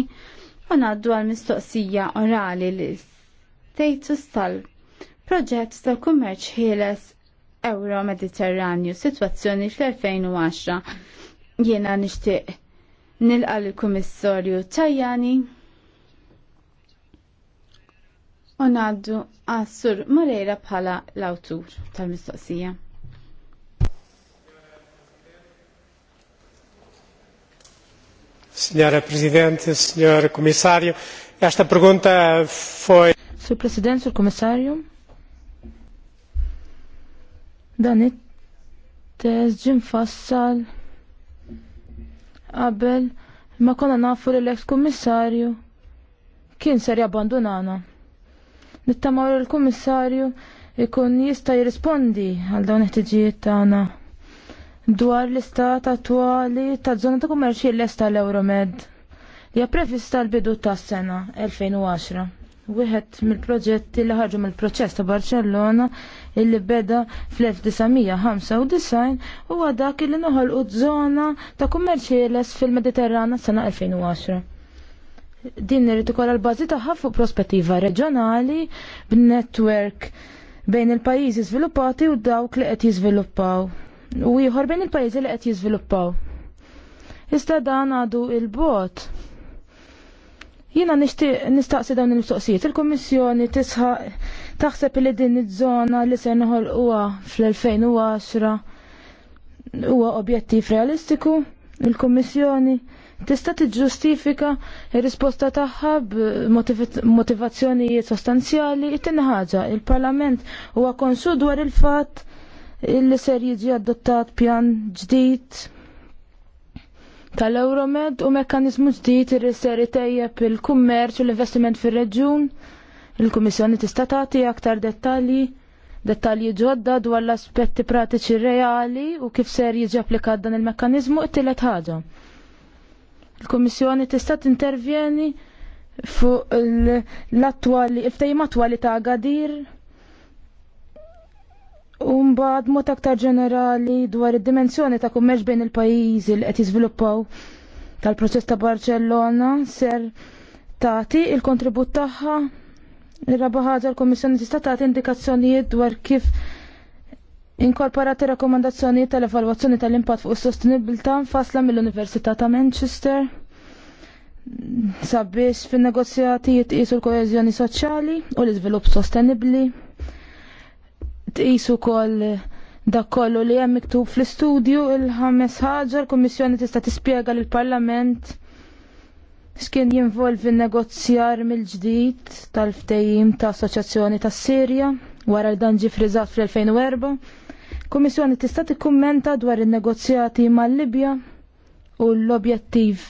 u għal mistoqsija orali li status tal-proġett tal-kummerċ ħieles Euro-Mediterranju situazzjoni fl-2010. Jiena nixtieq nilqa l-Kummissarju Tajani u naddu għassur Moreira bħala l-awtur tal-mistoqsija. Signora Presidente, Signor Commissario, esta pergunta foi... Sr. President, Sr. Commissario, dan it-test fassal qabel ma konna nafu li l-ex kummissarju kien ser jabbandunana. Nittamaw l-kummissarju ikun jista' jirrispondi għal dawn it-tġijiet tagħna dwar l-istat attwali ta' zona ta' kummerċi l-est tal-Euromed. Ja prevista l-bidu ta' sena 2010. Wieħed mill-proġetti li ħarġu mill-proċess ta' Barcellona illi beda fl-1995 huwa dak li noħolqu żona ta' kummerċi l-est fil-Mediterrana sena 2010. Din irid ukoll l-bażi tagħha fuq prospettiva reġjonali b'netwerk bejn il-pajjiżi żviluppati u dawk li qed jiżviluppaw u ieħor bejn il-pajjiżi li qed jiżviluppaw. Iżda dan għadu il-bot. Jiena nistaqsi dawn il-mistoqsijiet. Il-Kummissjoni tisħaq taħseb li din iż-żona li se noħolquha fl-2010 huwa objettiv realistiku, il-Kummissjoni tista' tiġġustifika r-risposta tagħha b'motivazzjonijiet sostanzjali it ħaġa il-Parlament huwa konsu dwar il-fatt illi ser jiġi adottat pjan ġdid tal-Euromed u mekkanizmu ġdid irri ser itejjeb il-kummerċ u l-investiment fir-reġjun. Il-Kummissjoni tista' tagħti aktar dettalji dettalji ġodda dwar l-aspetti pratiċi reali u kif ser jiġi applikat dan il-mekkanizmu t tielet ħaġa. Il-Kummissjoni tista' tintervjeni fuq l-attwali, ftejma attwali ta' Agadir Umbad mod aktar ġenerali dwar id-dimensjoni ta' kummerċ bejn il-pajjiżi li qed jiżviluppaw tal-proċess ta' Barcellona ser tagħti il-kontribut tagħha Ir-raba ħaġa l kummissjoni tista' tagħti indikazzjonijiet dwar kif inkorporat ir-rakkomandazzjonijiet tal-evalwazzjoni tal-impatt fuq is-sostenibilità fasla mill-Università ta' Manchester sabiex fin-negozjati jitqisu l-koeżjoni soċjali u l-iżvilupp sostenibbli tqisu wkoll dak kollu li hemm miktub fl-istudju il-ħames ħaġa l-Kummissjoni tista' tispjega lill parlament x'kien jinvolvi negozjar mill-ġdid tal-ftehim ta' Assoċjazzjoni tas-Sirja wara l dan ġie friżat fl-2004. Kummissjoni tista' tikkummenta dwar in-negozjati mal-Libja u l-objettiv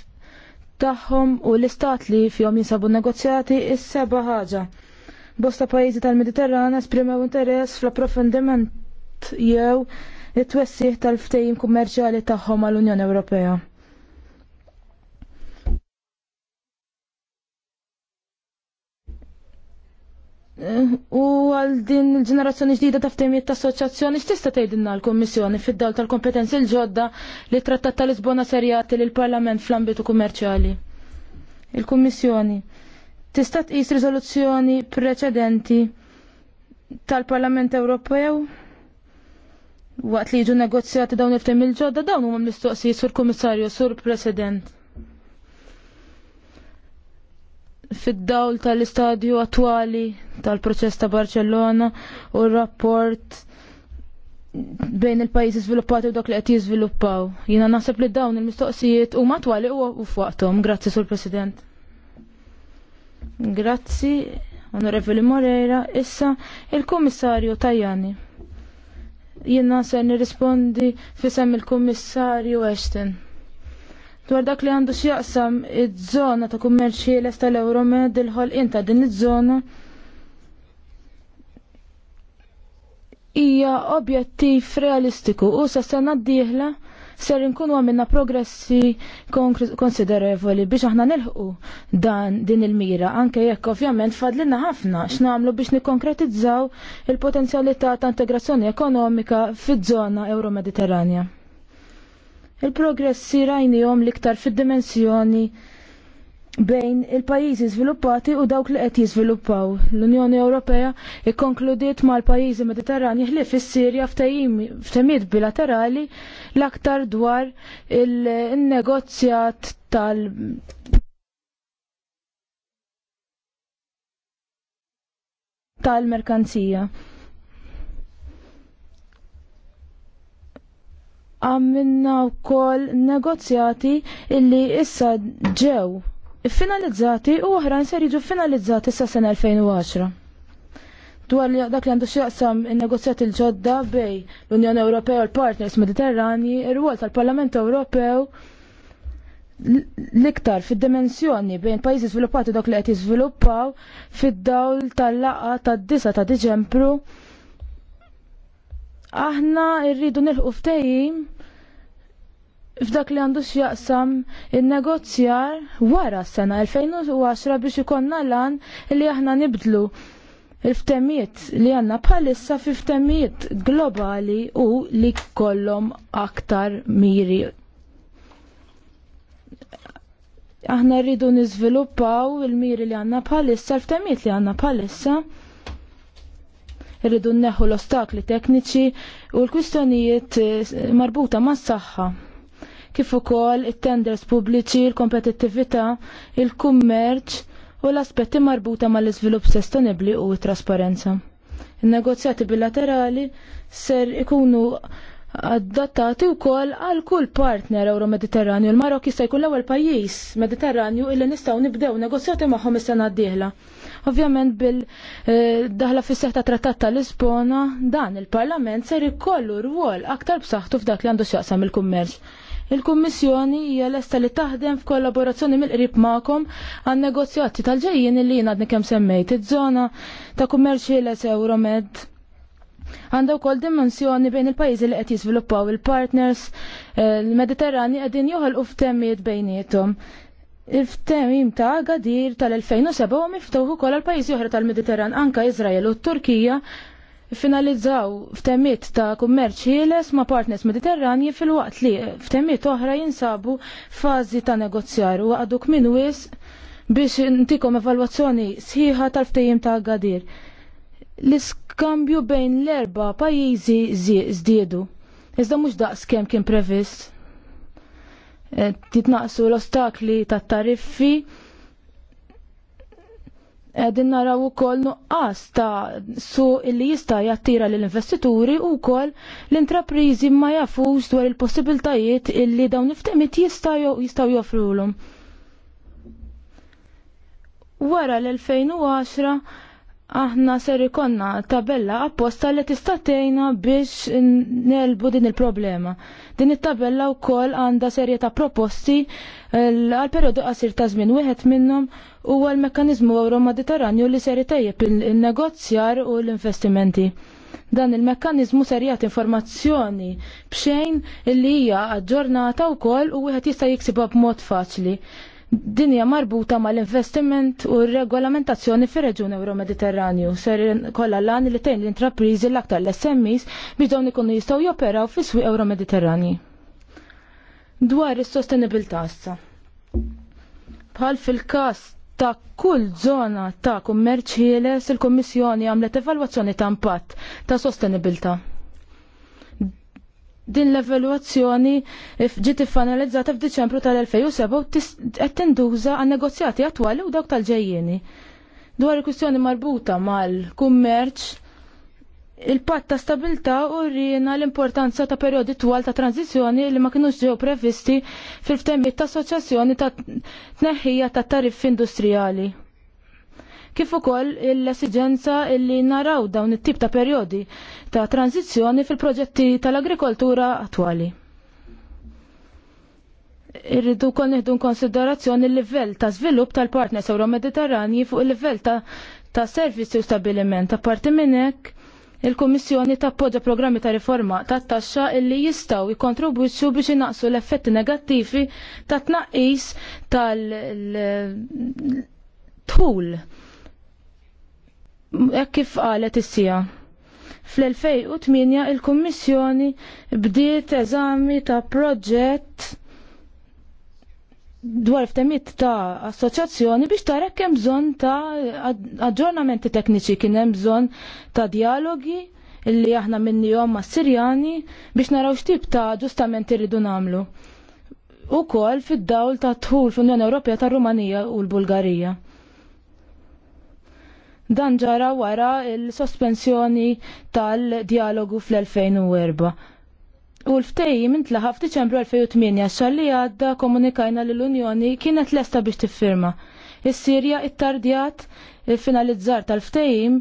tagħhom u l-istat li fihom jinsabu negozjati is-seba' ħaġa bosta pajjiżi tal-Mediterran esprimaw interess fl-approfondiment jew it twessiħ tal-ftejim kummerċali tagħhom għall-Unjoni Ewropea. U għal din il-ġenerazzjoni ġdida ta' ftehmiet ta' assoċjazzjoni x'tista' tgħidilna l-Kummissjoni fid-dawl tal-kompetenzi l-ġodda li trattat tal-Lisbona serjati lill parlament fl-ambitu kummerċali. Il-Kummissjoni tista' tqis riżoluzzjoni preċedenti tal-Parlament Ewropew waqt li jiġu negozjati dawn il tim il-ġodda dawn huma mistoqsijiet sur kummissarju sur president. Fid-dawl tal-istadju attwali tal-proċess ta' Barcellona u r-rapport bejn il-pajjiżi żviluppati u dak li qed jiżviluppaw. Jiena naħseb li dawn il-mistoqsijiet huma twali u f'waqthom. Grazzi sur President. Grazzi, Onorevoli Moreira, issa il-Kummissarju Tajani. Jiena se nirrispondi fisem il-Kummissarju Ashton. Dwar dak li għandu x'jaqsam id żona ta' kummerċi l tal-Euromed il-ħolqien ta' din iż-żona hija objettiv realistiku u sa sena d-dieħla ser nkunu għamilna progressi konsiderevoli biex aħna nilħu dan din il-mira, anke jekk ovvjament fadlina ħafna x'namlu biex nikkonkretizzaw il-potenzjalità ta' integrazzjoni ekonomika fiż-żona Euro-Mediterranja. Il-progressi rajnijom liktar fid-dimensjoni bejn il-pajjiżi żviluppati u dawk li qed jiżviluppaw. L-Unjoni Ewropea ikkonkludiet mal-pajjiżi Mediterranji ħlief is-Sirja f'temiet bilaterali l-aktar dwar il-negozjat tal- tal-merkanzija. Għamminna u kol negozjati illi issa ġew finalizzati u oħrajn se jiġu finalizzati sa sena 2010. Dwar li dak li għandu xjaqsam il-negozjat il-ġodda bej l-Unjoni Ewropea u l-Partners Mediterrani, il rwol tal-Parlament Ewropew l-iktar fid-dimensjoni bejn pajjiżi żviluppati dak li qed jiżviluppaw fid-dawl tal-laqa tad-disa ta' Diċembru aħna rridu nilħu ftehim f'dak li għandu x'jaqsam il-negozjar wara s-sena 2010 biex ikonna lan li aħna nibdlu il-ftemiet li għanna bħalissa fi ftemiet globali u li kollom aktar miri. Aħna rridu nizviluppaw il-miri li għanna bħalissa, il-ftemiet li għanna bħalissa irridu nneħħu l-ostakli tekniċi u l-kwistjonijiet marbuta mas-saħħa kif ukoll it-tenders pubbliċi, l-kompetittività, il-kummerċ u l-aspetti marbuta mal-iżvilupp sostenibbli u t-trasparenza. Il-negozjati bilaterali ser ikunu adattati wkoll għal kull partner Euro-Mediterranju. Il-Marok jista' jkun l-ewwel pajjiż Mediterranju illi nistgħu nibdew negozjati magħhom is-sena d-dieħla. Ovvjament bil-daħla eh, fis ta' trattat ta' Lisbona, dan il-Parlament ser ikollu rwol aktar b'saħħtu f'dak li għandu xaqsam il-kummerċ. Il-Kummissjoni hija lesta li taħdem f'kollaborazzjoni mill-qrib magħkom għan negozjati tal-ġejjin li jien għadni kemm semmejt iż-żona ta' kummerċi les Euromed. Għandaw kol dimensjoni bejn il-pajizi li qed jiżviluppaw il-partners, eh, il-Mediterrani qegħdin joħolqu f'temmijiet bejnietom. Il-ftemim ta' Agadir tal-2007 u miftuħu kol għal pajjiżi oħra tal-Mediterran anka Izrael u t Turkija finalizzaw ftemiet ta' kummerċ ħieles ma' partners mediterranji fil-waqt li ftemiet oħra jinsabu fazi ta' negozjar u għaduk minn wis biex ntikom evalwazzjoni sħiħa tal-ftejjem ta' għadir. L-iskambju bejn l-erba pajjiżi zdiedu. Iżda mhux daqs kemm kien previst. Eh, titnaqsu l-ostakli tat-tariffi għedin naraw ukoll nuqqas ta' su illi jista' jattira lill investituri u wkoll l-intrapriżi ma jafux dwar il-possibiltajiet illi dawn iftemit jistgħu jistgħu joffrulhom. Wara l-2010 aħna ser ikonna tabella apposta li tistatejna biex nelbu din il-problema. Din it-tabella u kol għanda serje ta' proposti għal periodu qasir ta' żmien wieħed minnhom huwa l-mekkaniżmu Euro Mediterranju li ser tajjeb il-negozjar u l-investimenti. Dan il-mekkaniżmu ser jagħti informazzjoni b'xejn li hija aġġornata wkoll u wieħed jista' jiksibha b'mod faċli dinja marbuta mal-investiment u regolamentazzjoni fir reġun Euro-Mediterranju. Ser kolla lan li tejn l-intraprizi l-aktar l-SMIs biex dawn ikunu jistaw joperaw fis swi Euro-Mediterranji. Dwar is-sostenibilità tassa. Bħal fil-każ ta' kull zona ta' kummerċ ħieles il-Kommissjoni għamlet evalwazzjoni ta' impatt ta' sostenibilità din l-evaluazzjoni ġiet iffanalizzata f'Diċembru tal-2007 u qed tinduża għan negozjati attwali u dawk tal-ġejjieni. Dwar il-kwistjoni marbuta mal-kummerċ, il-patt ta' stabilta u rina l-importanza ta' periodi twal ta' tranzizjoni li ma kienux ġew previsti fil ftemmi ta' assoċjazzjoni ta' tneħħija ta' tariffi industrijali kif ukoll l-esigenza li naraw dawn it-tip ta' perjodi ta' tranzizzjoni fil-proġetti tal-agrikoltura attwali. Irridu wkoll nieħdu konsiderazzjoni l-livell ta' żvilupp tal-partners Euro-Mediterranji fuq il-livell ta' ta' servizzi u stabiliment. Apparti minn hekk, il-Kummissjoni tappoġġa programmi ta' riforma ta' taxxa illi jistgħu jikkontribwixxu biex inaqsu l-effetti negattivi ta' tnaqqis tal-tul hekk kif qalet issija. Fl-2008 il-Kummissjoni bdiet eżami ta' proġett dwar ftemit ta' assoċjazzjoni biex tara kemm bżonn ta' aġġornamenti tekniċi kien hemm bżonn ta' dialogi illi aħna minnihom ma' Sirjani biex naraw x'tip ta' ġustamenti rridu nagħmlu. kol fid-dawl ta' tħul fl-Unjoni Ewropea tar-Rumanija u l-Bulgarija. Dan ġara wara l-sospensjoni tal-dialogu fl-2004. U l-ftejim intlaħa f'Diċembru 2008 xalli għadda komunikajna l-Unjoni kienet lesta biex tiffirma. Is-Sirja it-tardjat il-finalizzar tal-ftejim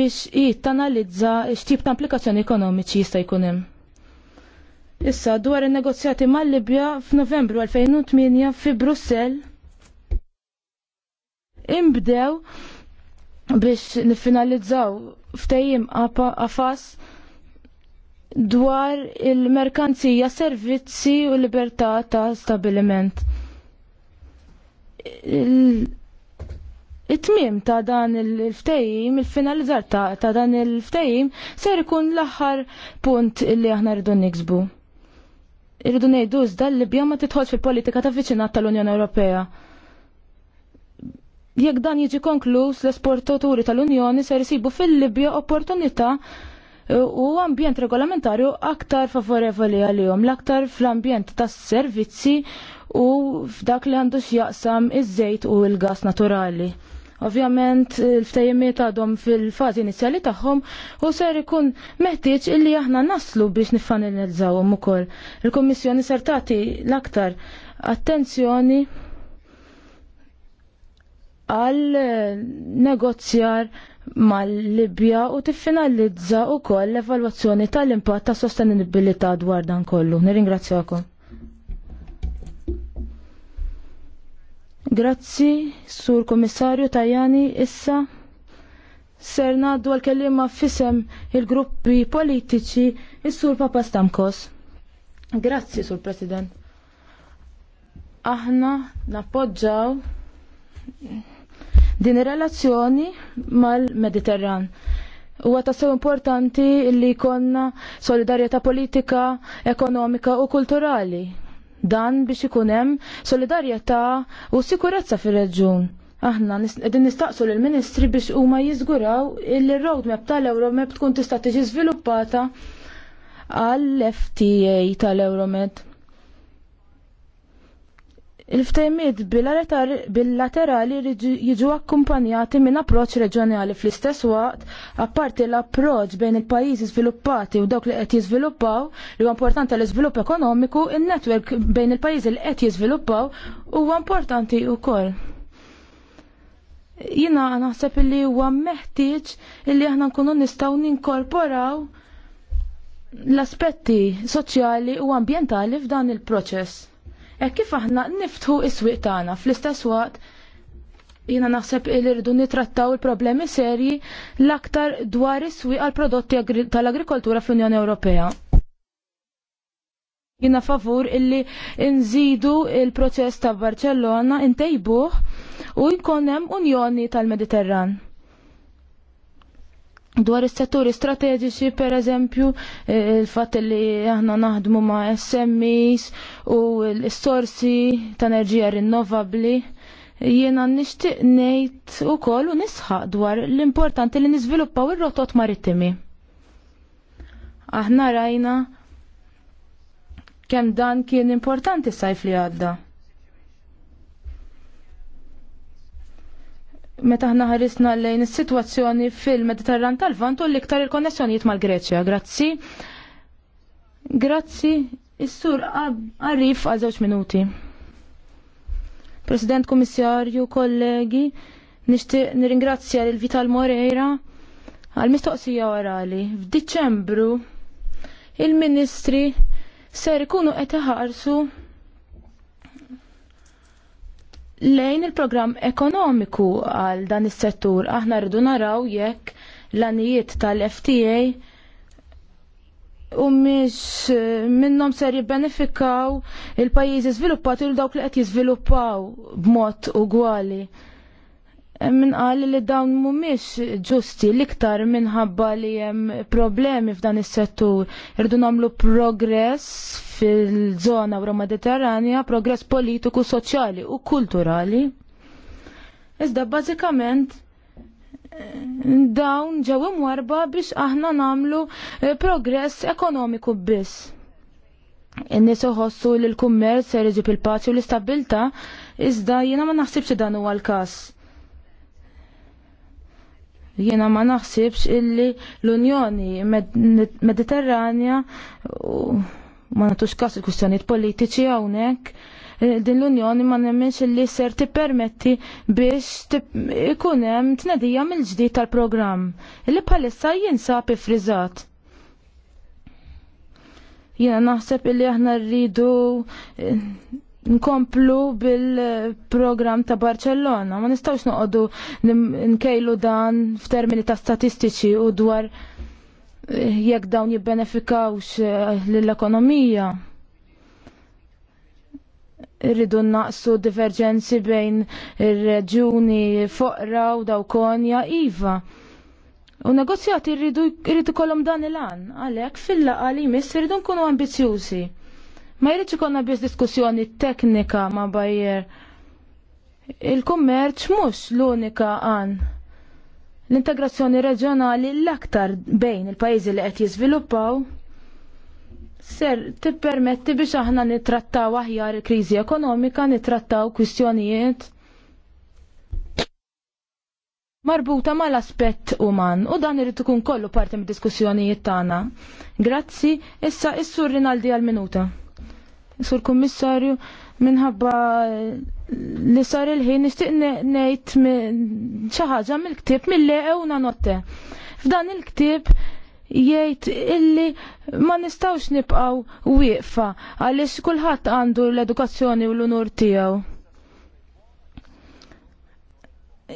biex jittanalizza tip ta' implikazzjoni ekonomiċi jista' jkun hemm. Issa dwar in-negozjati mal-Libja f'Novembru 2008 fi Brussell imbdew biex nifinalizzaw ftejim għafas dwar il-merkanzija, servizzi u libertà ta' stabiliment. It-tmim ta' dan il-ftejim, il-finalizzar ta', ta dan il-ftejim, ser ikun l-aħħar punt li aħna rridu niksbu. Irridu ngħidu iżda l-Libja ma titħolx fil-politika ta' viċinat tal-Unjoni Ewropea Jekk dan jiġi konkluż l-esportaturi tal-Unjoni ser isibu fil-Libja opportunità eh, u ambjent regolamentarju aktar favorevoli għalihom, l-aktar fl-ambjent tas-servizzi u f'dak li għandu x'jaqsam iż-żejt u l-gas naturali. Ovvjament il-ftejjimiet għadhom fil-fażi inizjali tagħhom u ser ikun meħtieġ illi aħna naslu biex nifanilizzawhom ukoll. Il-Kummissjoni ser tagħti l-aktar attenzjoni għal negozjar mal-Libja u tiffinalizza u koll l-evalwazzjoni tal-impatt ta' sostenibilità dwar dan kollu. Nirringrazzjakom. Grazzi, Sur Komissarju Tajani, issa ser naddu għal-kellima fisem il-gruppi politiċi, il-Sur Papa Stamkos. Grazzi, Sur President. Aħna nappoġġaw din ir-relazzjoni mal-Mediterran. Huwa tassew importanti li jkollna solidarjetà politika, ekonomika u kulturali. Dan biex ikun hemm solidarjetà u sikurezza fir-reġjun. Aħna din nistaqsu lill ministri biex huma jiżguraw il roadmap tal-Euromed tkun tista' tiġi żviluppata għall-FTA tal-Euromed. Il-ftejmiet bilaterali jiġu akkumpanjati minn approċ reġjonali fl-istess waqt, apparti l-approċ bejn il-pajjiżi sviluppati u dawk li qed jiżviluppaw li huwa importanti l iżvilupp ekonomiku, in-netwerk bejn il-pajjiżi li qed jiżviluppaw huwa importanti wkoll. Jina naħseb li huwa meħtieġ li aħna nkunu nistgħu ninkorporaw l-aspetti soċjali u ambjentali f'dan il-proċess E kif aħna niftħu is-swieq tagħna fl-istess waqt jina naħseb il irdu nitrattaw il-problemi serji l-aktar dwar is-swieq għal prodotti tal-agrikoltura fl-Unjoni Ewropea. Jina favur illi nżidu il-proċess ta' Barcellona intejbuh u jkun hemm Unjoni tal-Mediterran dwar is-setturi strateġiċi per eżempju eh, il-fatt li aħna naħdmu ma' SMEs u l-sorsi ta' enerġija rinnovabbli jiena nixtieq ngħid ukoll u nisħaq dwar l-importanti li niżviluppaw ir-rotot marittimi. Aħna rajna kemm dan kien importanti s-sajf li għadda. meta ħna ħarisna lejn is-sitwazzjoni fil-Mediterran tal-Vant u l-iktar il-konnessjonijiet mal-Greċja. Grazzi. Grazzi. Is-sur għarrif għal żewġ minuti. President Kummissarju, kollegi, nixtieq nirringrazzja lil Vital Moreira għal mistoqsija orali. F'Diċembru il-Ministri ser ikunu qed iħarsu lejn il-programm ekonomiku għal dan is-settur aħna rridu naraw jekk l-anijiet tal-FTA u miex eh, minnom ser jibbenefikaw il-pajizi sviluppat il dawk li qed jiżviluppaw b'mod ugwali. Min qal li dawn mhumiex ġusti l-iktar minħabba li hemm problemi f'dan is-settur. Irdu nagħmlu progress fil-żona Ewro Mediterranja, progress politiku, soċjali u kulturali. Iżda bażikament eh, dawn ġew imwarba biex aħna namlu eh, progress ekonomiku biss. In-nies l-kummerz se jriġib il-paċi u l-istabilta, iżda jiena ma naħsibx dan huwa l-każ. Jiena ma naħsibx illi l-Unjoni Mediterranja u ma natux kas il-kustjoniet politiċi hawnhekk eh, din l-Unjoni ma nemmenx illi ser tippermetti biex ikun hemm tnedija mill-ġdid tal-programm palissa bħalissa jinsab ifriżat. Jiena naħseb illi aħna rridu eh, nkomplu bil-program ta' Barcellona. Ma nistawx noqodu nkejlu dan f'termini ta' statistiċi u dwar eh, jekk dawn jibbenefikawx eh, l-ekonomija. Irridu naqsu diverġenzi bejn ir-reġjuni foqra u daw konja iva. U negozjati rridu kolom dan il-an, għalek fil laqali li jmiss irridu nkunu ambizjuzi. Ma jirriċ ikonna biss diskussjoni teknika ma' bajjer. Il-kummerċ mhux l-unika għan. L-integrazzjoni reġjonali l-aktar bejn il-pajjiżi li qed jiżviluppaw ser tippermetti biex aħna nitrattaw aħjar il-kriżi ekonomika, nitrattaw kwistjonijiet marbuta mal-aspett uman u dan irid ikun kollu parti mid-diskussjonijiet tagħna. Grazzi, issa is-sur Rinaldi għal-minuta sur kummissarju minħabba li sar il-ħin nixtieq ngħid xi ħaġa mill-ktieb mill-leqewna notte. F'dan il-ktieb jgħid illi ma nistawx nibqaw wieqfa għaliex kulħadd għandu l-edukazzjoni u l-unur tiegħu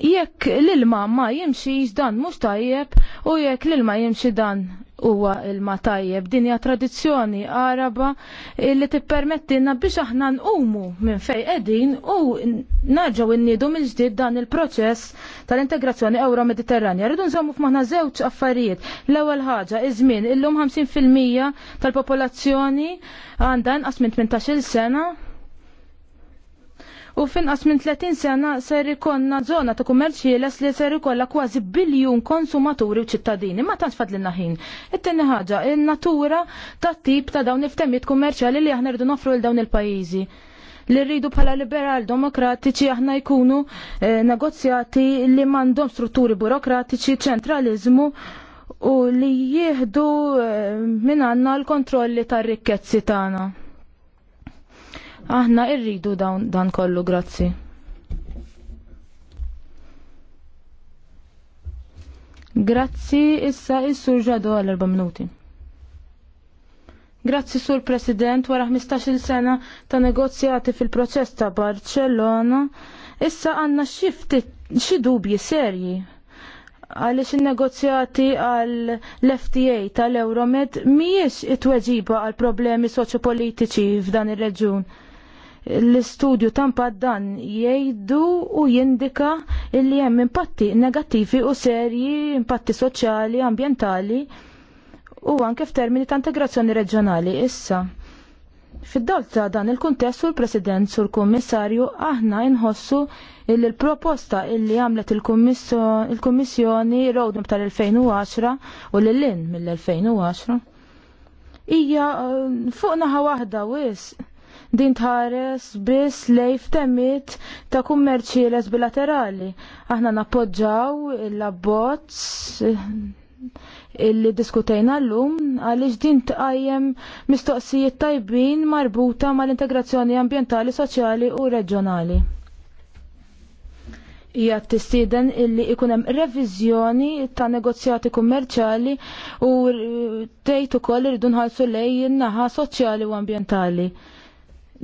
jekk l-ilma ma jimxi dan mhux tajjeb u jekk l-ilma jimxi dan huwa ilma tajjeb. Din hija tradizzjoni Araba li tippermettilna biex aħna nqumu minn fejn qegħdin u narġgħu nniedu mill-ġdid dan il-proċess tal-integrazzjoni euro Mediterranja. Rridu nżommu f'maħna żewġ affarijiet. L-ewwel ħaġa iż-żmien illum 50% tal-popolazzjoni għandha inqas minn 18-il sena U finqas minn 30 sena ser ikonna zona ta' kummerċi les li ser ikolla kważi biljun konsumaturi u ċittadini. Ma tantx fadlilna ħin. It-tieni ħaġa, in-natura ta' tip ta' dawn iftemiet kummerċjali li aħna rridu nofru l dawn il-pajjiżi li rridu bħala liberal demokratiċi aħna jkunu eh, negozjati li mandom strutturi burokratiċi, ċentralizmu u li jieħdu eh, minn għanna l-kontrolli tar-rikkezzi tagħna. Aħna irridu dan, dan kollu, grazzi. Grazzi, issa is-sur ġadu għal erba' minuti. Grazzi sur President wara 15-il sena ta' negozjati fil-proċess ta' Barcellona, issa għanna xifti xi dubji serji għaliex il-negozjati għal l-FTA tal-Euromed miex it-tweġiba għal problemi soċjopolitiċi f'dan ir-reġjun l-istudju tampa dan jgħidu u jindika illi hemm impatti negattivi u serji, impatti soċjali, ambientali u anke f'termini ta' integrazzjoni reġjonali issa. Fid-dawl ta' dan il-kuntest u l-President l kummissarju aħna nħossu li l-proposta illi għamlet il-Kummissjoni roadmap tal-2010 u l-lin mill-2010 hija uh, fuq naħa waħda wisq din tħares biss lej ftemmit ta' kummerċieles bilaterali. Aħna nappoġġaw il-labbozz illi diskutejna l-lum għaliex din tqajjem mistoqsijiet tajbin marbuta mal-integrazzjoni ambientali, soċjali u reġjonali. Hija tistieden illi ikunem hemm reviżjoni ta' negozjati kummerċali u tgħid ukoll irridu nħallsu lejn naħa soċjali u ambjentali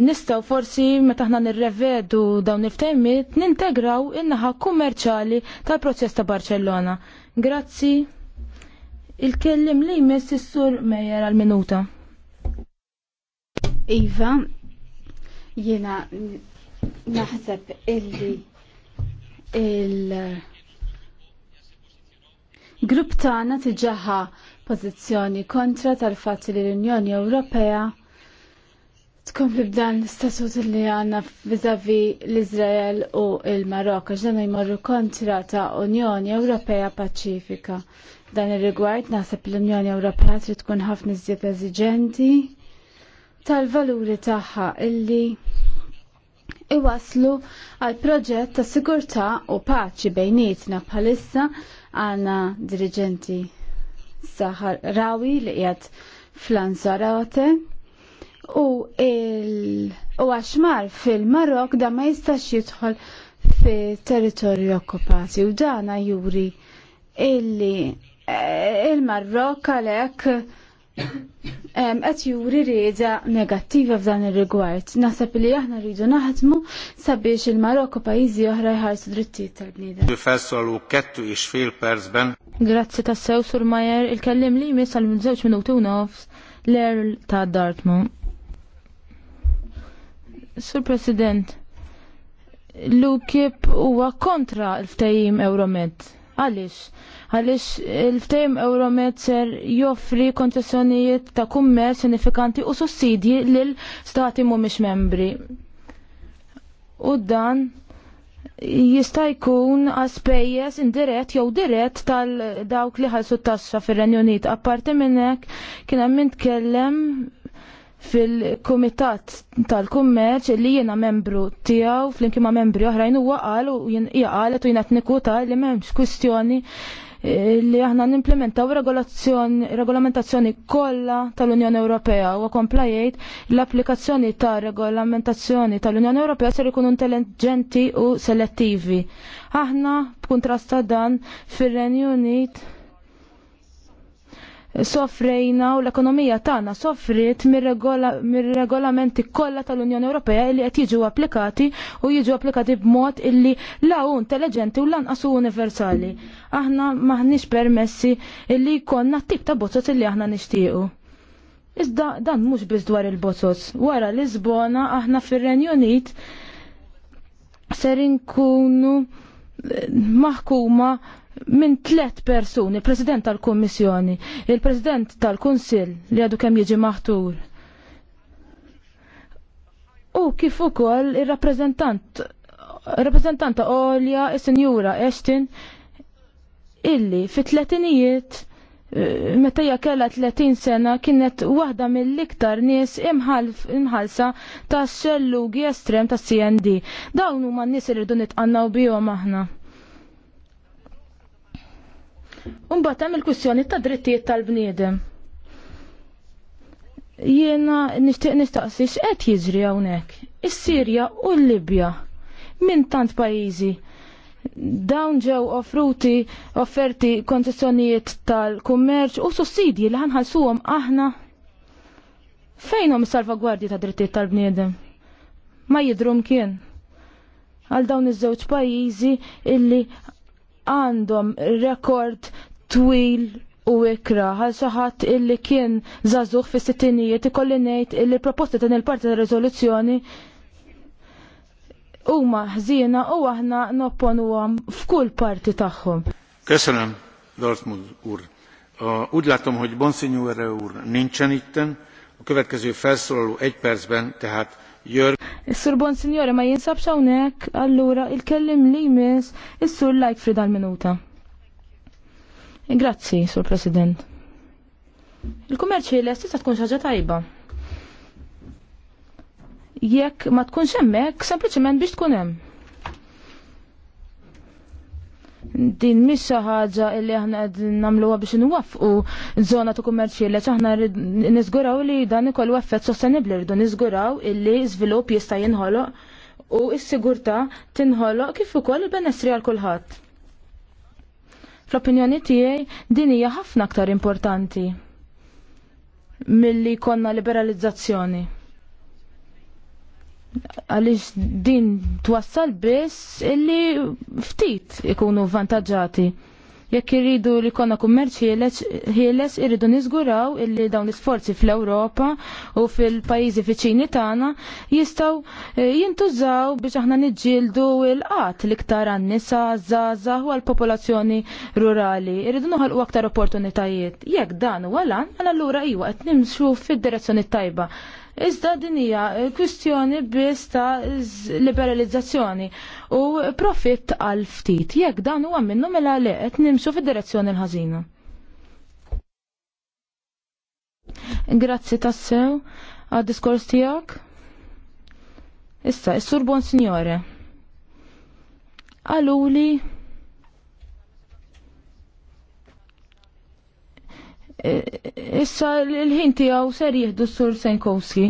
nistaw forsi meta aħna nirrevedu dawn il-ftehmiet nintegraw in-naħa kummerċali tal-proċess ta' Barcellona. Grazzi. Il-kellim li jmess is-sur Mejer għal-minuta. Iva, jena naħseb illi il-grupp tagħna tiġaħa pożizzjoni kontra tal-fatt li l-Unjoni Ewropea tkompli b'dan l-istatut li għanna vizavi l-Izrael u il-Marokko, ġdan jmorru kontra ta' Unjoni Ewropea Paċifika. Dan ir-rigward naħseb l-Unjoni Ewropea trid tkun ħafna iżjed eżiġenti tal-valuri tagħha illi iwaslu għal proġett ta' sigurtà u paċi bejnietna bħalissa għandna dirigenti Sahar Rawi li qiegħed fl-Anzarate u il għaxmar fil-Marok da ma jistax jidħol fi territorju okkupati u dana juri illi eh, il-Marok għalek għet juri reda negattiva f'dan ir-rigward. Naħseb li aħna rridu naħdmu sabiex il-Marokko pajjiżi oħra jħarsu drittijiet tal Professor u kettu ix fil persben. Grazzi tassew sur Majer, il-kellim li jmiss għal żewġ minuti u nofs l-Earl ta' Dartmouth. Sur President, l-UKIP huwa kontra l-ftajim Euromed. Għalix? Għalix l-ftajim Euromed ser joffri konċessjonijiet ta' kummer sinifikanti u sussidji lil stati mhumiex membri. U dan jista' jkun għaspejjeż indirett jew dirett tal dawk li ħalsu t-taxxa fir-Renju Unit. Apparti minn hekk kien hemm kellem fil-Kumitat tal-Kummerċ li jiena membru tiegħu flimkien ma' membri oħrajn huwa qal u jien qalet u jiena nikuta li m'hemmx kwistjoni eh, li aħna nimplementaw regolamentazzjoni kollha tal-Unjoni Ewropea u kompla jgħid l-applikazzjoni ta' regolamentazzjoni tal-Unjoni Ewropea ser ikunu intelligenti u selettivi. Aħna b'kuntrast ta' dan fir-Renju Unit sofrejna u l-ekonomija tagħna sofrit mir-regolamenti kollha tal-Unjoni Ewropea li qed jiġu applikati u jiġu applikati b'mod illi law intelligenti u lanqas universali. Aħna maħniex permessi illi jkollna tip ta' bozzos illi aħna nixtiequ. Iżda dan mhux biss dwar il bozzos Wara Lisbona aħna fir-Renju Unit ser inkunu maħkuma minn tlet persuni, president tal-Kommissjoni, il-president tal-Kunsill li għadu kemm jiġi maħtur. U kif ukoll ir-rappreżentant rappreżentanta Olja, il sinjura Ashton, illi fit tletinijiet eh, meta hija kellha 30 sena kienet waħda mill-iktar nies imħalsa tax xellugi estrem tas CND. Dawn huma n-nies irridu nitqannaw bihom aħna bat hemm il-kwistjoni ta' drittijiet tal-bniedem. Jiena nixtieq nistaqsi x'qed jiġri hawnhekk. Is-Sirja u l-Libja minn tant pajjiżi dawn ġew offruti offerti konċessjonijiet tal-kummerċ u sussidji li ħanħalsuhom aħna fejnhom is salvagwardji ta' drittijiet tal-bniedem. Ma jidrum kien għal dawn iż-żewġ pajjiżi illi għandhom rekord twil u ikra għal xaħat illi kien zazuħ fi sittinijiet ikolli ngħid illi proposta ta' il-parti ta' riżoluzzjoni huma maħzina u aħna nopponuhom f'kull parti tagħhum. Kessanem, Dortmund Ur Úgy látom, hogy Bonsignore úr nincsen itten, a következő felszólaló egy percben, tehát Jörg. Is-sur Bon Signore ma jinsabx hawnhekk, allura il-kellim li jmiss is-sur Lajk Frida minuta Grazzi, sur President. Il-kummerċi l tista' tkun xaġa tajba. Jekk ma tkunx hemmhekk sempliċement biex tkun hemm. din missa ħaġa illi aħna qegħdin nagħmluha biex nwaffqu żona ta' kummerċjali li aħna niżguraw li dan ikollu effett sostenibbli rridu niżguraw illi zvilup jista' jinħoloq u s-sigurtà tinħoloq kif ukoll il-benessri għal kulħadd. Fl-opinjoni tiegħi din hija ħafna aktar importanti milli konna liberalizzazzjoni għalix din twassal biss illi ftit ikunu vantaġġati. Jekk irridu li konna kummerċ ħieles irridu niżguraw illi dawn l-isforzi fl-Ewropa u fil-pajjiżi fiċini tagħna jistgħu eh, jintużaw biex aħna niġġieldu l-qat l-iktar għannisa, zaza u għall-popolazzjoni rurali. Irridu noħolqu aktar opportunitajiet. Jekk dan huwa lan, allura iwa qed nimxu fid-direzzjoni tajba Iżda din hija kwistjoni biss ta' liberalizzazzjoni u profitt għal ftit. Jekk dan huwa minnu mela li qed nimxu fid-direzzjoni l-ħażina. Grazzi tassew għad diskors tiegħek. Issa, is-sur bon signore. Għaluli Issa l-ħin tiegħu ser jieħdu s-sur Senkowski.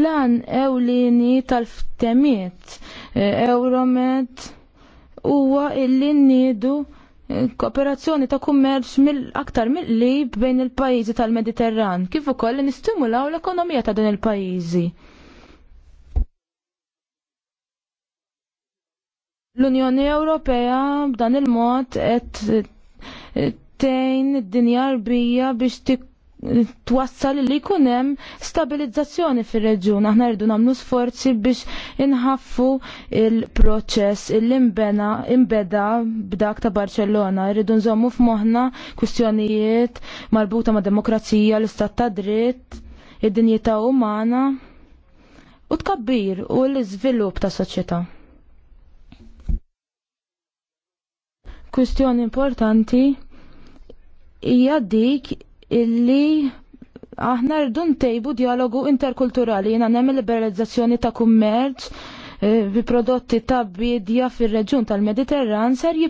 Lan ewlini tal-ftemiet eh, Euromed huwa illi nniedu eh, kooperazzjoni ta' kummerċ mill-aktar mill-lib bejn il-pajjiżi tal-Mediterran, kif ukoll nistimulaw l-ekonomija ta' din il-pajjiżi. L-Unjoni Ewropea b'dan il-mod qed tejn id-dinja rbija biex twassal li kunem stabilizzazzjoni fil reġjun Aħna rridu namlu sforzi biex inħaffu il-proċess il imbena imbeda b'dak ta' Barcellona. Rridu nżommu f'moħna kustjonijiet marbuta ma' demokrazija, l-istat ta' dritt, id-dinjità umana u tkabbir u l-iżvilupp ta' soċjetà. Kwistjoni importanti hija dik illi aħna rridu ntejbu dialogu interkulturali jiena nemmel liberalizzazzjoni ta' kummerċ bi eh, prodotti ta' bidja fil-reġjun tal-Mediterran ser,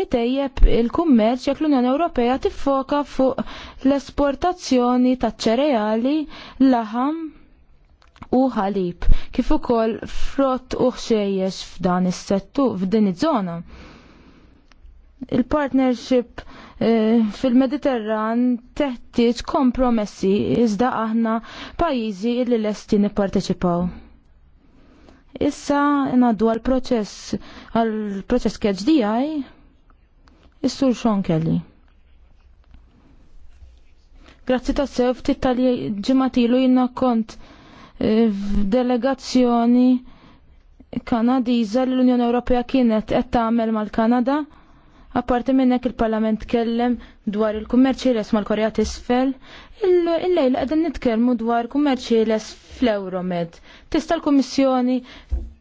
jitejjeb il-kummerċ jekk l-Unjoni Ewropea tiffoka fuq l-esportazzjoni ta' ċereali, laħam u ħalib, kif ukoll frott u ħxejjex f'dan is-settu f'din iż-żona il-partnership eh, fil-Mediterran teħtieġ kompromessi iżda aħna pajjiżi li lesti nipparteċipaw. Issa ngħaddu għal proċess għal proċess catch DI is-sur Sean Kelly. Grazzi ta' sew ftit tal-ġimatilu jina kont eh, f'delegazzjoni Kanadiża l-Unjoni Ewropea kienet qed tagħmel mal-Kanada. Apparti minnek il-Parlament kellem dwar il-kummerċi les mal-Korea tisfel, il-lejla għedin dwar kummerċi l-es fl-Euromed. Tista l-Kommissjoni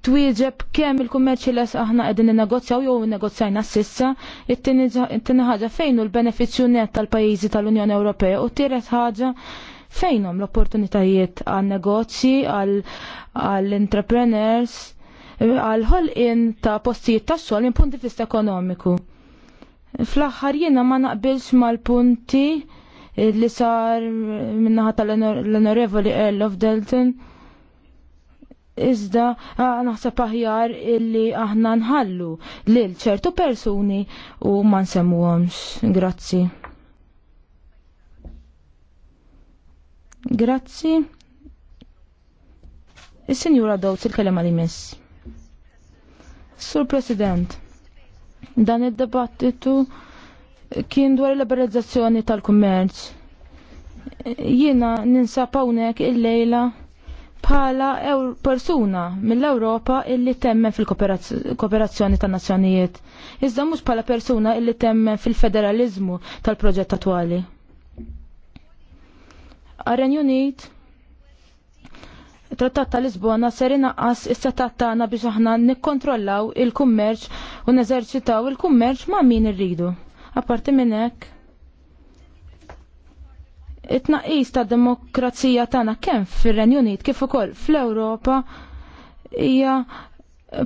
twieġeb kemm il-kummerċi l-es aħna għedin negozjaw jew negozjajna sissa, it-tini ħaġa fejnu l-beneficju net tal-pajizi tal-Unjoni Ewropea u t-tiret ħaġa fejnhom l-opportunitajiet għal negozji, għal entrepreneurs, għal ħolqien ta' postijiet tas xogħol minn punt di vista ekonomiku. Fl-aħħar jiena ma naqbilx mal-punti li sar minnaħa tal-onorevoli Earl of Delton. Iżda naħseb aħjar illi aħna nħallu lil ċertu persuni u ma nsemmuhomx. Grazzi. Grazzi. Is-Sinjura Dowz il-kelema li miss. Sur President. Dan id debattitu kien dwar il-liberalizzazzjoni tal-kummerċ. Jiena ninsab hawnhekk il-lejla bħala persuna mill-Ewropa illi temmen fil-kooperazzjoni tan nazzjonijiet. Iżda mhux bħala persuna illi temmen fil-federalizmu tal-proġett attwali. Għarren Unit it-Trattat ta' Lisbona ser inaqqas is-setat tagħna biex aħna nikkontrollaw il-kummerċ u neżerċitaw il-kummerċ ma' min irridu. Apparti minn hekk. It-tnaqqis ta' demokrazija tagħna kemm fir-Renju Unit kif ukoll fl-Ewropa hija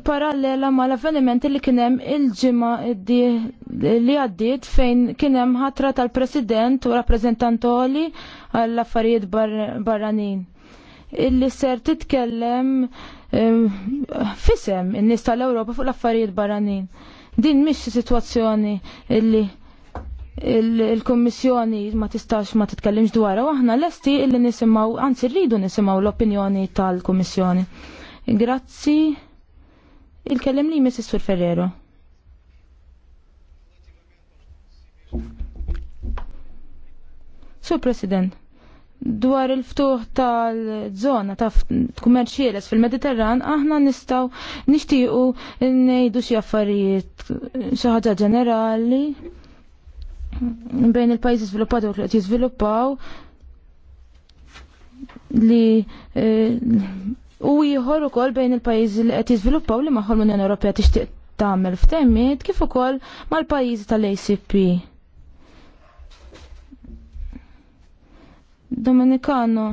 parallela mal avvenimenti li kienem il-ġimma li għaddiet fejn kienem ħatra tal-president u rappresentantoli għall-affarijiet barranin illi ser titkellem fisem in-nies tal-Ewropa fuq l-affarijiet barranin. Din mhix sitwazzjoni illi il-Kommissjoni ma tistax ma titkellimx dwar u aħna lesti illi nisimgħu anzi rridu nisimgħu l-opinjoni tal-Kummissjoni. Grazzi. Il-kellem li Mrs. Sur Ferrero. Sur President dwar il-ftuħ tal-żona ta' kummerċieles fil-Mediterran, aħna nistaw nixtiequ ngħidu xi affarijiet xaħġa ħaġa ġenerali bejn il pajzi sviluppati u qed jiżviluppaw li eh, u u ukoll bejn il-pajjiżi li qed jiżviluppaw li magħhom l-Unjoni Ewropea tixtieq tagħmel f'temmiet kif ukoll mal-pajjiżi tal-ACP. Dominicano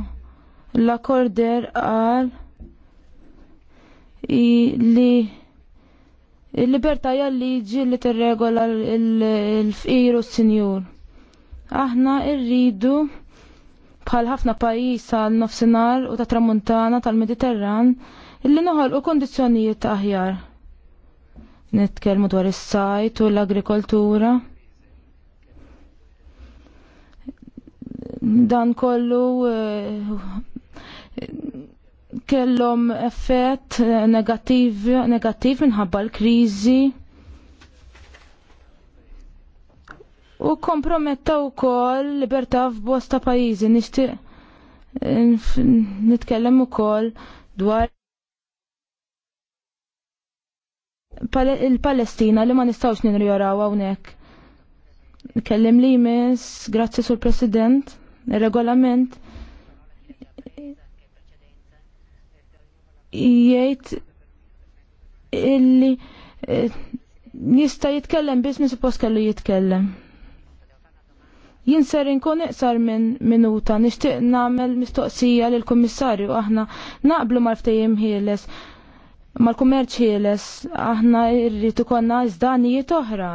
l-akkorder għal li il-libertà liġi li tirregola l-fqir u s-sinjur. Aħna rridu bħal ħafna pajjiż għal nofsinhar u ta' tramuntana tal-Mediterran illi noħolqu kondizzjonijiet aħjar. Nitkellmu dwar is-sajt u l-agrikoltura dan kollu eh, kellhom effett eh, negattiv negattiv minħabba l-kriżi. U kompromettaw ukoll libertà f'bosta pajjiżi nixtieq eh, nitkellem ukoll dwar il-Palestina li ma nistawx ninrjoraw hawnhekk. Kellim li jmiss, grazzi sur President regolament jgħid illi eh, jista' jitkellem biss minn suppost kellu jitkellem. Jien ser inkun iqsar minn minuta nixtieq nagħmel mistoqsija lill kummissarju aħna naqblu mal-ftehim ħieles mal-kummerċ ħieles aħna rrid ikollna iżdanijiet oħra.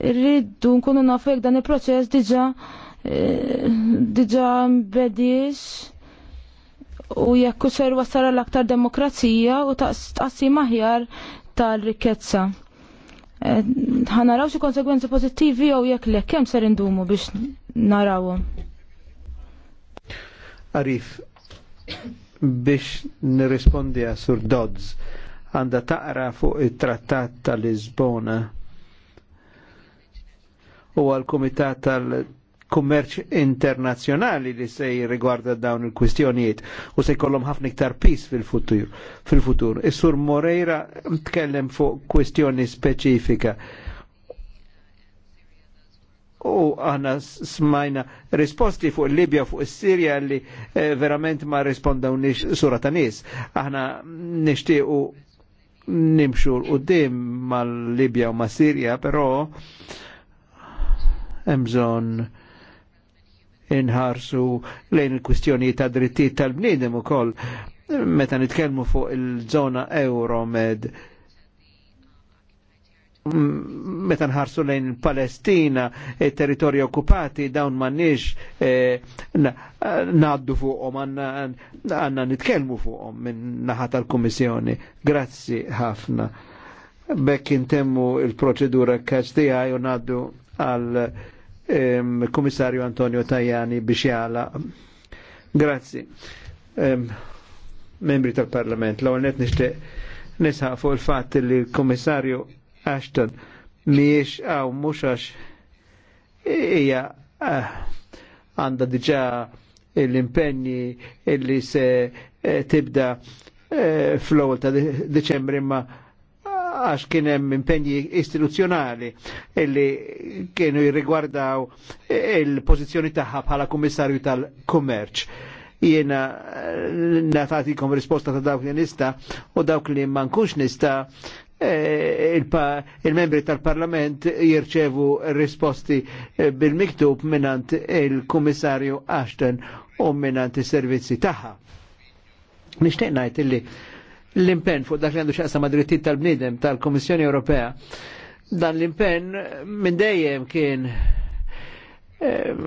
Rridu nkunu nafu jekk dan il-proċess diġa eh, diġa bediex u jekk ser wasara l-aktar demokrazija u taqsim aħjar tal-rikkezza. Eh, Ħanaraw xi konsegwenzi pożittivi jew jekk le kemm ser indumu biex narawhom. Arif, biex nirrispondi għasur Sur Dodds, għanda taqra fuq it-trattat tal-Lisbona u għal-Kumitat tal-Kummerċ internazjonali li se jirrigwarda dawn il-kwistjonijiet u se jkollhom ħafna iktar pis fil-futur. Fil Is-Sur Moreira tkellem fuq kwistjoni speċifika u għana smajna risposti fuq il-Libja fuq il-Sirja li eh, verament ma rispondaw nix sura ta' nis. Aħna nishtiqu nimxu l-qoddim mal-Libja u ma' Sirja, pero emżon inħarsu lejn il-kwistjoni ta' drittijiet tal-bniedem ukoll meta nitkellmu fuq il-żona Euromed meta nħarsu lejn Palestina, territorji okkupati, dawn m'għandniex eh, naddu fuqhom, għandna nitkellmu fuqhom minn naħa tal-Kummissjoni. Grazzi ħafna. Bekk intemmu il-proċedura kaċ tiegħi u naddu għal komissarju Antonio Tajani biex jala. Grazzi. Membri tal-Parlament, l-għol net nishtiq nisħa fuq il-fat li l-Komissarju Ashton miex għaw mux għax hija eh, għanda diġa l-impenni illi se eh, tibda eh, fl għol ta' Deċembri ma' għax kien hemm impenji istituzzjonali illi kienu jirrigwardaw il-pożizzjoni tagħha bħala kummissarju tal-kummerċ. Jiena eh, natatikom risposta ta' dawk li nista u dawk li ma nkunx nista eh, il-membri tal-parlament jirċevu risposti eh, bil-miktub minnant il-komissarju Ashton u minnant il-servizzi taħħa. Nishtiq najt illi l-impenn fuq dak li għandu xaqsa madrittit tal-bnidem tal-Komissjoni Ewropea. Dan l-impenn minn dejjem kien ehm,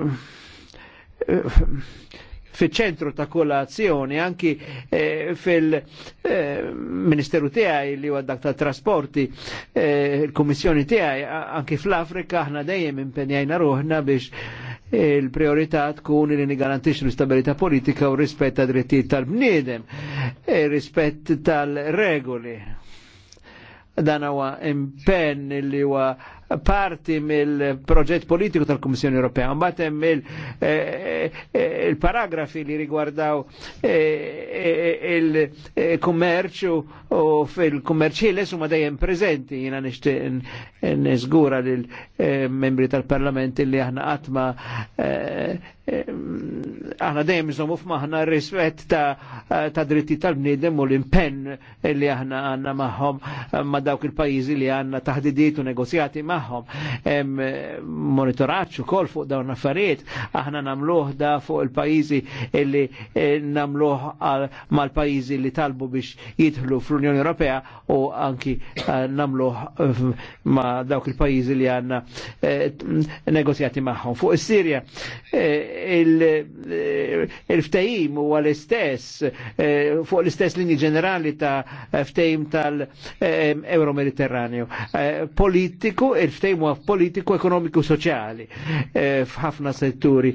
fiċ-ċentru ta' kull azzjoni anki eh, fil-Ministeru eh, tiegħi li huwa dak ta' trasporti, eh, il-Kummissjoni tiegħi anki fl-Afrika aħna dejjem impenjajna ruħna biex il-priorità tkun li nigarantix l-istabilità politika u rispett ta' drittijiet tal-bniedem, e rispett tal-regoli. Dan huwa impenn li huwa parti mill-proġett politiku tal-Kummissjoni Ewropea, mbagħad hemm il-paragrafi eh, eh, li rigwardaw eh, il kummerċu u fil-kummerċiles huma dejjem preżenti jiena nixtieq niżgura lil membri tal-Parlament li aħna qatt ma aħna dejjem iżommu f'maħna rispett ta', ta dritti tal-bniedem u l-impenn li aħna għandna magħhom ma' dawk il-pajjiżi li għandna taħdidiet u negozjati magħhom. Monitoraġġ ukoll fuq dawn affarijiet aħna nagħmluh da fuq il-pajjiżi li eh, nagħmluh mal-pajjiżi li talbu biex jidħlu fl-Unjoni Ewropea u anki eh, nagħmluh eh, ma' dawk il-pajjiżi li għandna negozjati magħhom. Fuq is-Sirja il-ftajim u għal istess eh, fuq l-istess linji ġenerali ta' ftajim tal euro mediterraneo eh, Politiku, il-ftajim u politiku, ekonomiku, soċjali eh, f'ħafna setturi.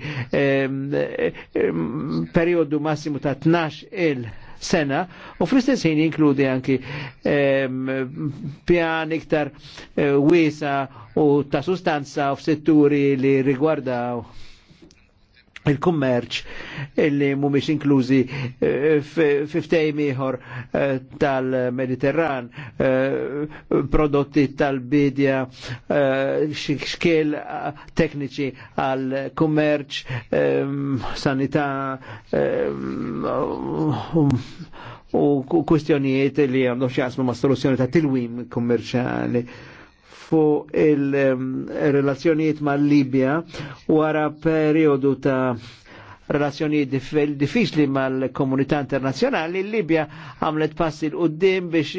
Periodu massimu ta' 12 il- sena u fl-istess ħin jinkludi anki eh, pjan iktar eh, wiesa u ta' sustanza u f'setturi li rigwardaw il-kummerċ illi mumiex inkluzi eh, fiftej miħor eh, tal-Mediterran, eh, prodotti tal-bidja, xkiel tekniċi għal kummerċ, sanità um, u kwistjonijiet li għandhom xjaqsmu ma' soluzzjoni ta' tilwim kummerċali Fu il-relazzjonijiet mal-Libja wara periodu ta' relazzjoni diffiċli mal-komunità internazjonali, l libja għamlet passi l-qoddim biex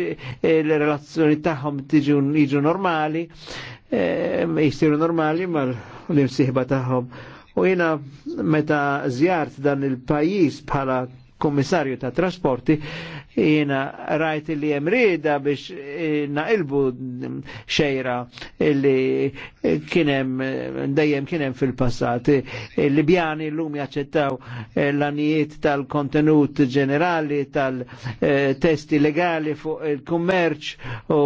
il-relazzjoni eh, tagħhom tiġu normali, eh, jisiru normali mal-imsiħba tagħhom. U jina meta zjart dan il-pajis bħala komissarju ta' trasporti, Jina rajt li jemrida biex eh, naqilbu xejra li eh, kienem, dajem kienem fil-passat. Eh, li bjani l-lum jaċċettaw l-anijiet tal-kontenut ġenerali, tal-testi legali fuq il-kummerċ u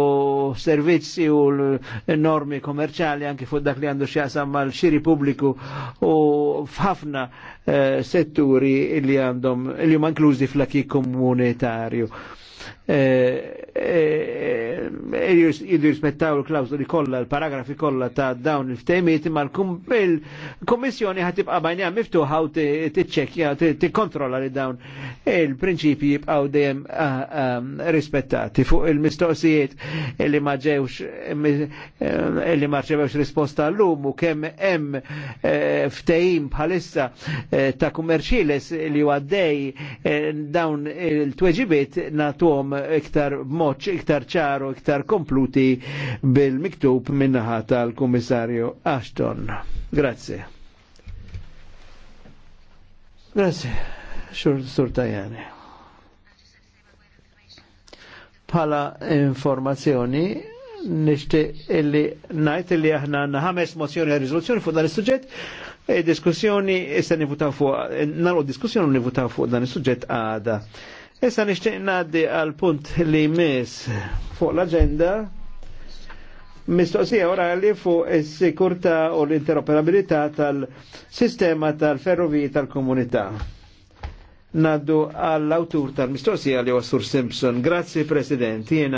servizzi u l-normi kommerċali anki fuq dak li għandu xjaqsam mal-xiri publiku u f'ħafna Eh, setturi li għandhom li huma inklużi fl aki komunitarju. Eh, jidu jismettaw il-klawzuli kolla, il-paragrafi kolla ta' dawn il-ftemiet, ma' il-kommissjoni ħatibqa bajnija miftuħa u t-ċekja, t-kontrolla li dawn il-prinċipi jibqaw dejjem rispettati fuq il-mistoqsijiet li ma ġewx li ma ġewx risposta l-lum u kemm hemm e, ftehim bħalissa e, ta' kummerċiles li għaddej e, dawn il-tweġibiet natuhom iktar b'moċ iktar ċaru, iktar kompluti bil-miktub minnaħa tal komissarju Ashton. Grazie. Grazie, Sur, sur Tajani. Pala informazzjoni, nishti illi najt illi aħna naħames mozzjoni għal rizoluzzjoni fuq dan il-sujġet, e diskussjoni, issa nivutaw fuq, nalu diskussjoni nivutaw fuq dan il-sujġet għada. Issa nixtieq ngħaddi għal punt li mis fuq l-aġenda mistoqsija orali fuq is-sikurtà u l-interoperabilità tal-sistema tal-ferroviji tal-komunità. Naddu għall-autur tal-mistoqsija li Wassur Simpson. Grazzi, President.